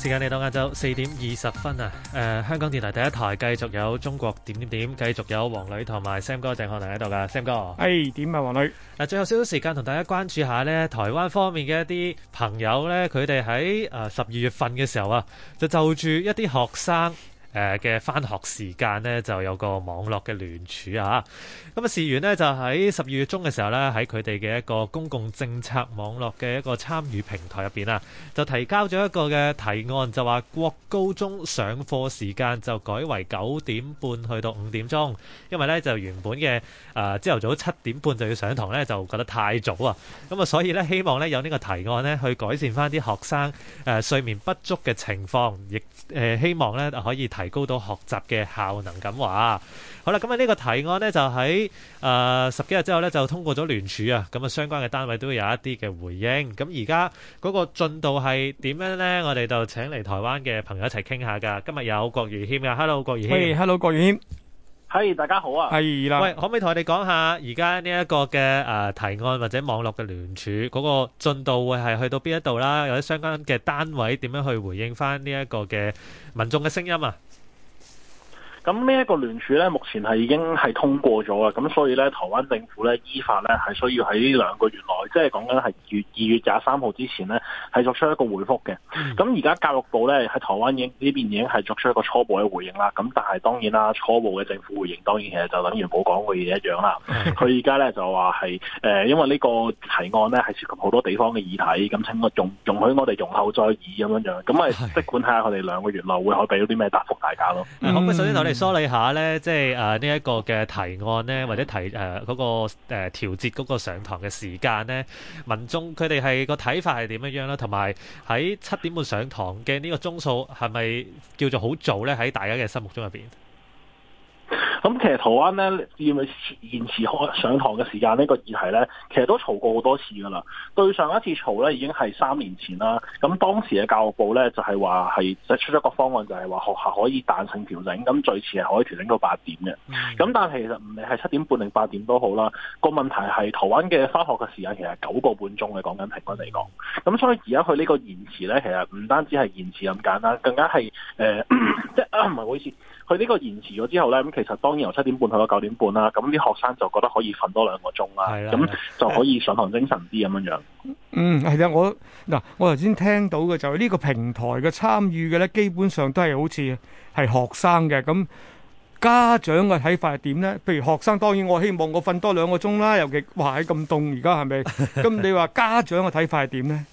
時間嚟到晏晝四點二十分啊！誒、呃，香港電台第一台繼續有中國點點點，繼續有黃磊同埋 Sam 哥鄭浩霆喺度噶。Sam 哥，係點、hey, 啊？黃磊。嗱，最後少少時間同大家關注下咧，台灣方面嘅一啲朋友咧，佢哋喺誒十二月份嘅時候啊，就就住一啲學生。誒嘅翻學時間呢，就有個網絡嘅聯署啊！咁啊，事緣呢，就喺十二月中嘅時候呢，喺佢哋嘅一個公共政策網絡嘅一個參與平台入邊啊，就提交咗一個嘅提案，就話國高中上課時間就改為九點半去到五點鐘，因為呢，就原本嘅誒朝頭早七點半就要上堂呢，就覺得太早啊！咁啊，所以呢，希望呢，有呢個提案呢，去改善翻啲學生誒、呃、睡眠不足嘅情況，亦誒、呃、希望呢，可以提高到學習嘅效能咁話，好啦，咁啊呢個提案呢，就喺誒、呃、十幾日之後呢，就通過咗聯署啊，咁啊相關嘅單位都有一啲嘅回應，咁而家嗰個進度係點樣呢？我哋就請嚟台灣嘅朋友一齊傾下㗎。今日有郭豫謙啊 Hello 郭豫謙 hey，Hello 郭豫謙。係，hey, 大家好啊！係啦的，喂，可唔可以同我哋講下而家呢一個嘅誒提案或者網絡嘅聯署嗰個進度會係去到邊一度啦？有啲相關嘅單位點樣去回應翻呢一個嘅民眾嘅聲音啊？咁呢一個聯署咧，目前係已經係通過咗啦。咁所以咧，台灣政府咧依法咧係需要喺兩個月內，即係講緊係二月二月廿三號之前咧，係作出一個回覆嘅。咁而家教育部咧喺台灣已經呢邊已經係作出一個初步嘅回應啦。咁但係當然啦，初步嘅政府回應當然其實就等於冇講嘅嘢一樣啦。佢而家咧就話係誒，因為個呢個提案咧係涉及好多地方嘅議題，咁請我容容許我哋容後再議咁樣，樣樣。咁咪即管睇下佢哋兩個月內會可俾到啲咩答覆大家咯。嗯嗯。梳理下咧，即係誒呢一個嘅提案咧，或者提誒、呃那個誒、呃、調節嗰個上堂嘅時間咧，民眾佢哋係個睇法係點樣樣啦，同埋喺七點半上堂嘅呢個鐘數係咪叫做好早咧？喺大家嘅心目中入邊。咁其實台灣咧要唔要延遲開上堂嘅時間呢個議題咧，其實都嘈過好多次噶啦。對上一次嘈咧已經係三年前啦。咁當時嘅教育部咧就係話係出咗個方案，就係話學校可以彈性調整，咁最遲係可以調整到八點嘅。咁但係其實唔理係七點半定八點都好啦。個問題係台灣嘅翻學嘅時間其實九個半鐘嘅，講緊平均嚟講。咁所以而家佢呢個延遲咧，其實唔單止係延遲咁簡單，更加係誒，即係唔係好意思，佢呢個延遲咗之後咧其實當然由七點半去到九點半啦，咁啲學生就覺得可以瞓多兩個鐘啦，咁係啊，就可以上堂精神啲咁樣樣。嗯，係啊，我嗱我頭先聽到嘅就係呢個平台嘅參與嘅咧，基本上都係好似係學生嘅，咁家長嘅睇法係點咧？譬如學生當然我希望我瞓多兩個鐘啦，尤其話喺咁凍，而家係咪？咁你話家長嘅睇法係點咧？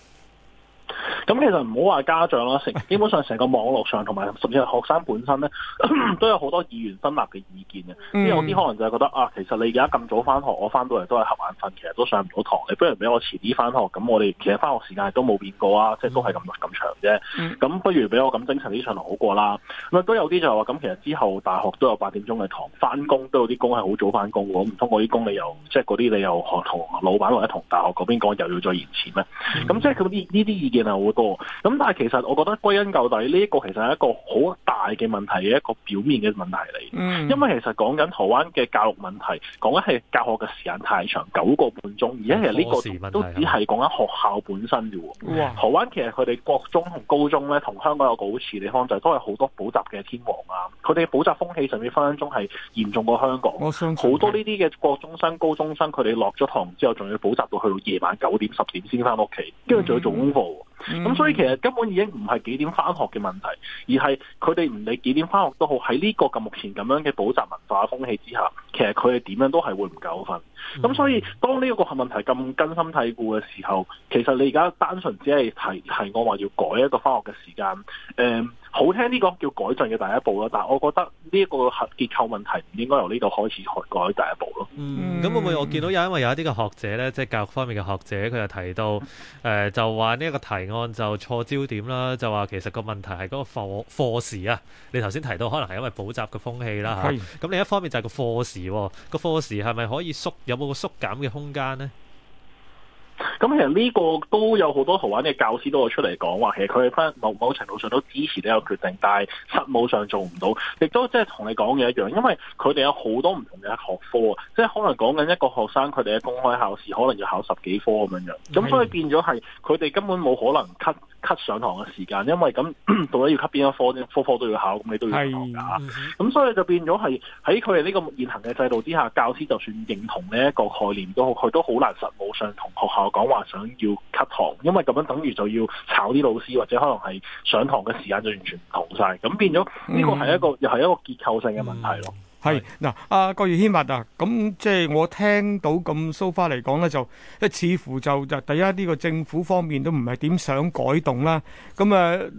咁其實唔好話家長啦，成基本上成個網絡上同埋甚至係學生本身咧， 都有好多議員意見分立嘅意見嘅。即有啲可能就係覺得啊，其實你而家咁早返學，我返到嚟都係瞌眼瞓，其實都上唔到堂。你不如俾我遲啲返學，咁我哋其實返學時間都冇變過啊，即都係咁咁長啫。咁不如俾我咁精神啲上堂好過啦。咁都有啲就係話，咁其實之後大學都有八點鐘嘅堂，返工都有啲工係好早返工嘅，唔通我啲工你又即嗰啲你又學同老闆或者同大學嗰邊講又要再延遲咩？咁即係佢呢啲意見啊，我。個咁，但係其實我覺得歸根究底呢一、這個其實係一個好大嘅問題嘅一個表面嘅問題嚟。嗯、因為其實講緊台灣嘅教育問題，講緊係教學嘅時間太長，九個半鐘，而家其係呢個都只係講緊學校本身嘅喎。嗯、台灣其實佢哋國中同高中咧，同香港有個好似地方就係都係好多補習嘅天王啊，佢哋補習風氣上面分分鐘係嚴重過香港。好多呢啲嘅國中生、高中生，佢哋落咗堂之後，仲要補習到去到夜晚九點、十點先翻屋企，跟住仲要做功課。咁、嗯、所以其實根本已經唔係幾點返學嘅問題，而係佢哋唔理幾點返學都好，喺呢個咁目前咁樣嘅補習文化風氣之下，其實佢哋點樣都係會唔夠瞓。咁、嗯、所以當呢一個問題咁根深蒂固嘅時候，其實你而家單純只係提提我話要改一個返學嘅時間，誒、嗯。好聽呢個叫改進嘅第一步啦。但係我覺得呢一個結構問題唔應該由呢度開始改第一步咯。嗯，咁會唔會我見到有因為有一啲嘅學者呢？即係教育方面嘅學者，佢又提到誒，就話呢一個提案就錯焦點啦，就話其實個問題係嗰個課課時啊。你頭先提到可能係因為補習嘅風氣啦吓，咁是，啊，另一方面就係個課時，個課時係咪可以縮，有冇個縮減嘅空間呢？咁其實呢個都有好多台灣嘅教師都會出嚟講話其實佢哋翻某某程度上都支持呢個決定，但係實務上做唔到，亦都即係同你講嘅一樣，因為佢哋有好多唔同嘅學科，即係可能講緊一個學生佢哋嘅公開考試可能要考十幾科咁樣樣，咁所以變咗係佢哋根本冇可能 cut。cut 上堂嘅時間，因為咁 到底要 cut 邊一科，科科都要考，咁你都要上㗎。咁 所以就變咗係喺佢哋呢個現行嘅制度之下，教師就算認同呢一個概念都好，佢都好難實務上同學校講話想要 cut 堂，因為咁樣等於就要炒啲老師，或者可能係上堂嘅時間就完全唔同晒，咁變咗呢個係一個 又係一個結構性嘅問題咯。 係嗱，阿郭豫謙話啊，咁即係我聽到咁 so far 嚟講咧，就即係似乎就就第一呢個政府方面都唔係點想改動啦。咁誒，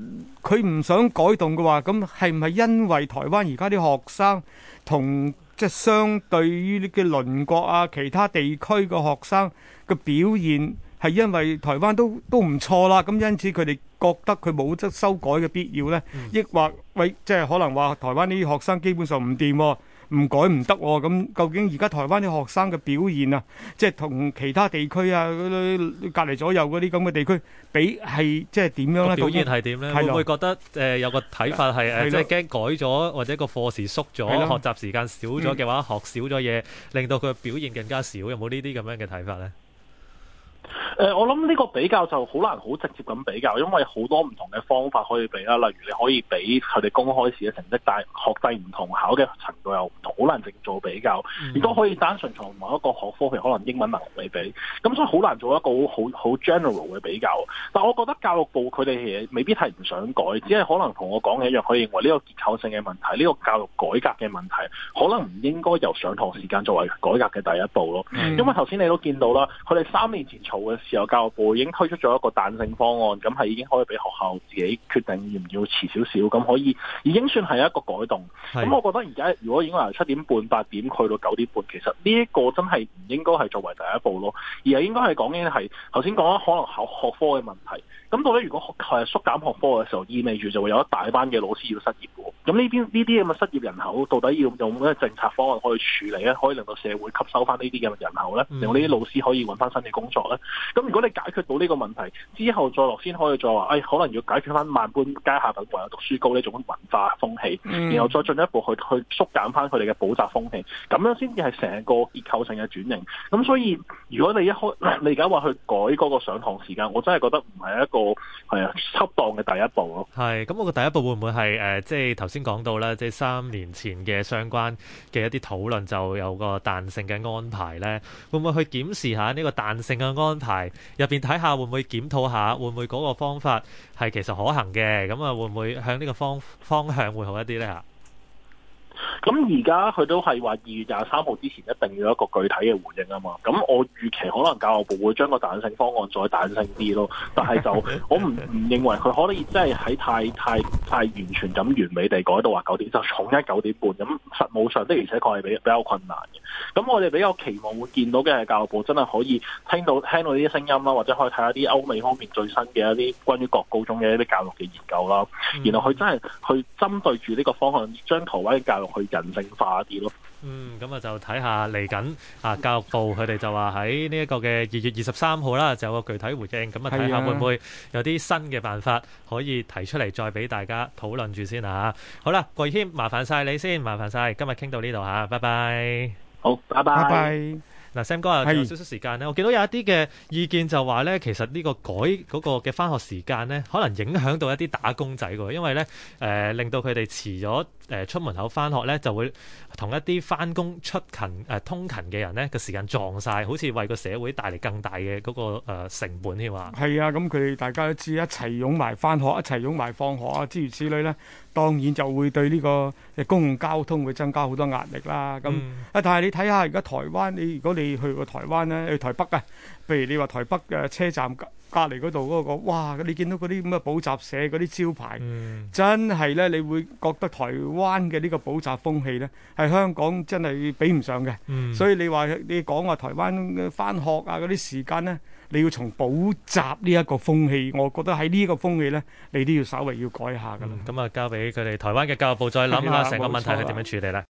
佢唔想改動嘅話，咁係唔係因為台灣而家啲學生同即係相對於呢啲鄰國啊、其他地區嘅學生嘅表現係因為台灣都都唔錯啦？咁因此佢哋覺得佢冇得修改嘅必要咧，亦或為即係可能話台灣啲學生基本上唔掂。唔改唔得喎，咁、嗯、究竟而家台灣啲學生嘅表現啊，即係同其他地區啊、隔離左右嗰啲咁嘅地區比係即係點樣咧？那個、表現係點咧？了會唔會覺得誒、呃、有個睇法係誒，即係驚改咗或者個課時縮咗、了學習時間少咗嘅話，學少咗嘢，令到佢表現更加少？有冇呢啲咁樣嘅睇法咧？誒、呃，我諗呢個比較就好難好直接咁比較，因為好多唔同嘅方法可以比啦。例如你可以比佢哋公開試嘅成績，但係學制唔同，考嘅程度又唔同，好難做比較。亦都可以單純從某一個學科，譬如可能英文能力比，咁所以好難做一個好好 general 嘅比較。但我覺得教育部佢哋未必係唔想改，只係可能同我講嘅一樣，佢認為呢個結構性嘅問題，呢、呢個教育改革嘅問題，可能唔應該由上堂時間作為改革嘅第一步咯。因為頭先你都見到啦，佢哋三年前做嘅。時教育部已經推出咗一個彈性方案，咁係已經可以俾學校自己決定要唔要遲少少，咁可以已經算係一個改動。咁的我覺得而家如果已經由七點半八點去到九點半，其實呢一個真係唔應該係作為第一步咯，而係應該係講緊係頭先講啦，可能考學科嘅問題。咁到底如果係縮減學科嘅時候，意味住就會有一大班嘅老師要失業喎。咁呢邊呢啲咁嘅失業人口，到底要用咩政策方案可以處理啊？可以令到社會吸收翻呢啲咁嘅人口咧，令到呢啲老師可以揾翻新嘅工作咧？咁如果你解決到呢個問題之後再落，先可以再話，誒、哎、可能要解決翻萬般皆下品唯有讀書高呢種文化風氣，然後再進一步去去縮減翻佢哋嘅補習風氣，咁樣先至係成個結構性嘅轉型。咁所以如果你一開你而家話去改嗰個上堂時間，我真係覺得唔係一個係啊適當嘅第一步咯。係，咁我個第一步會唔會係誒即係頭先講到咧，即係三年前嘅相關嘅一啲討論就有個彈性嘅安排咧？會唔會去檢視下呢個彈性嘅安排？入邊睇下會唔會檢討下，會唔會嗰個方法係其實可行嘅？咁啊，會唔會向呢個方方向會好一啲呢？吓。咁而家佢都係話二月廿三號之前一定要一個具體嘅回應啊嘛！咁我預期可能教育部會將個彈性方案再彈性啲咯，但係就我唔唔認為佢可以真係喺太太太完全咁完美地改到話九點，就重一九點半咁實務上的而且確係比比較困難嘅。咁我哋比較期望會見到嘅係教育部真係可以聽到聽到呢啲聲音啦，或者可以睇下啲歐美方面最新嘅一啲關於國高中嘅一啲教育嘅研究啦。然後佢真係去針對住呢個方向，將台灣嘅教育去。人性化啲咯。嗯，咁啊就睇下嚟緊啊，教育部佢哋就話喺呢一個嘅二月二十三號啦，就有個具體回應。咁啊睇下會唔會有啲新嘅辦法可以提出嚟，再俾大家討論住先啊。好啦，豫謙，麻煩晒你先，麻煩晒。今日傾到呢度嚇，拜拜。好，拜拜。拜拜。嗱 Sam 哥啊，有少少時間咧，是我見到有一啲嘅意見就話咧，其實呢個改嗰個嘅返學時間咧，可能影響到一啲打工仔喎，因為咧誒、呃、令到佢哋遲咗誒出門口返學咧，就會同一啲返工出勤誒、啊、通勤嘅人咧個時間撞晒，好似為個社會帶嚟更大嘅嗰個成本添啊。係啊，咁佢哋大家都知一齊擁埋返學，一齊擁埋放學啊，諸如此類咧。當然就會對呢個公共交通會增加好多壓力啦。咁啊，嗯、但係你睇下而家台灣，你如果你去過台灣咧，去台北啊，譬如你話台北嘅車站。隔籬嗰度嗰個，哇！你見到嗰啲咁嘅補習社嗰啲招牌，真係咧，你會覺得台灣嘅呢個補習風氣咧，係香港真係比唔上嘅。所以你話你講話台灣嘅返學啊嗰啲時間咧，你要從補習呢一個風氣，我覺得喺呢個風氣咧，你都要稍微要改下㗎喇。咁啊，交俾佢哋台灣嘅教育部再諗下成個問題係點樣處理啦。